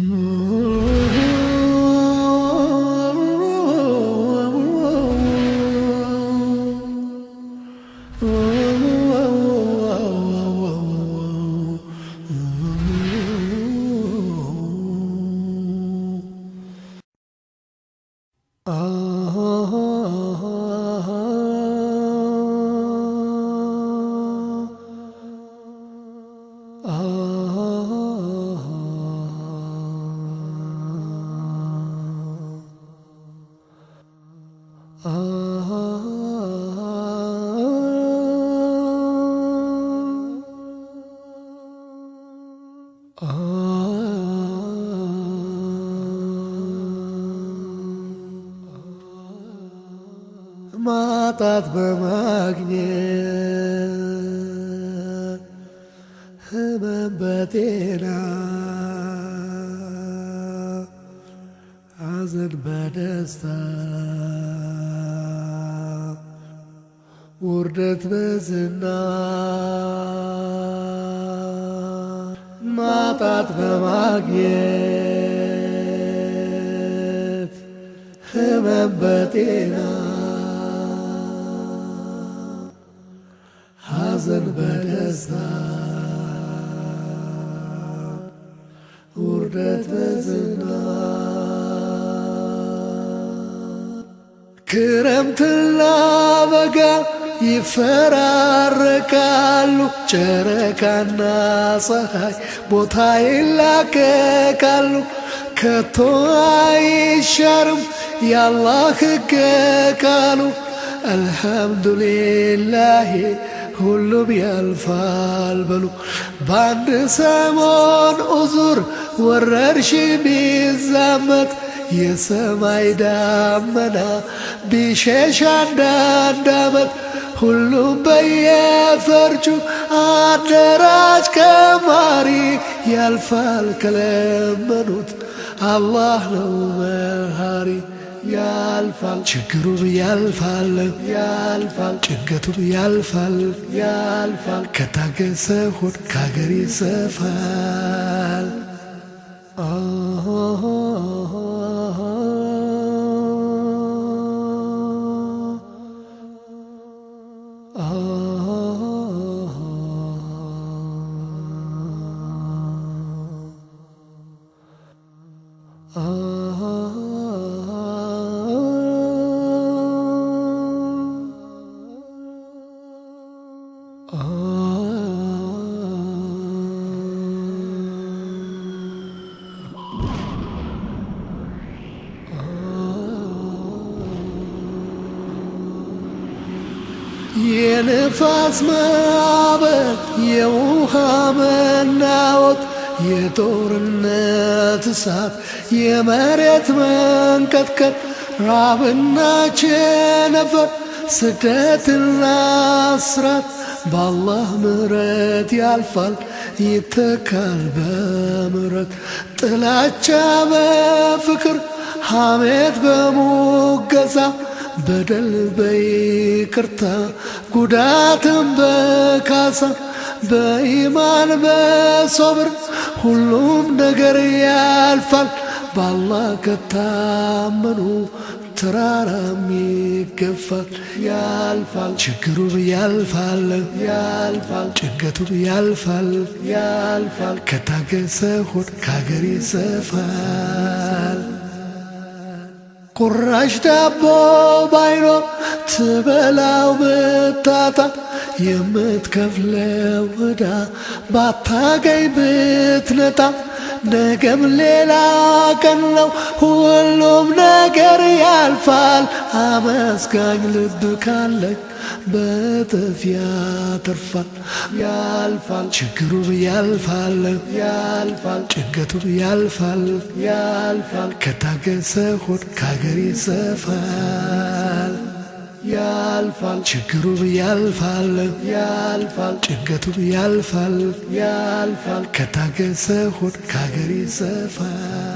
Oh. ማጣት በማግኘት ህመም በጤና ሐዘን በደስታ ውርደት በዝና ማጣት በማግኘት ህመም በጤና በደስታ ውርደት በዝና ክረምትና በጋ ይፈራረቃሉ። ጨረቃና ፀሐይ ቦታ ይላቀቃሉ። ከቶ አይሻርም ያላህ ሕግ ቃሉ አልሐምዱሊላሄ ሁሉም ያልፋል በሉ በአንድ ሰሞን ኡዙር ወረርሽ ቢዛመት የሰማይ ዳመና ቢሸሽ አንዳንድ ዓመት ሁሉም በየፈርቹ አደራጅ ከማሪ ያልፋል ከለመኑት አላህ ነው መሃሪ። ያልፋል፣ ችግሩ ያልፋል፣ ያልፋል፣ ጭንቀቱ ያልፋል፣ ያልፋል። ከታገሰ ሆድ ከሀገር ይሰፋል። Oh. የነፋስ ማዕበል የውሃ መናወጥ የጦርነት እሳት የመሬት መንቀጥቀጥ ራብና ቸነፈር ስደትና ስራት በአላህ ምሕረት ያልፋል ይተካል በምሕረት ጥላቻ በፍቅር ሐሜት በሙገሳ በደል በይቅርታ ጉዳትን በካሳ በኢማን በሶብር ሁሉም ነገር ያልፋል። በአላህ ከታመኑ ተራራም ይገፋል ያልፋል። ችግሩ ያልፋል ያልፋል። ጭንቀቱም ያልፋል ያልፋል። ከታገሰ ሆድ ከሀገር ይሰፋል። ቁራሽ ዳቦ ባይኖር ትበላው ብታጣ የምትከፍለው ዕዳ ባታገኝ ብትነጣ ነገም ሌላ ቀን ነው፣ ሁሉም ነገር ያልፋል። አመስጋኝ ልብ ካለኝ በጥፍ ያተርፋል። ያልፋል ችግሩም ያልፋል ያልፋል ጭንቀቱም ያልፋል ያልፋል ከታገሰ ሆድ ከሀገር ይሰፋል። ያልፋል፣ ችግሩ ያልፋል፣ ያልፋል፣ ጭንቀቱም ያልፋል፣ ያልፋል። ከታገሰ ሆድ ከሀገር ይሰፋል።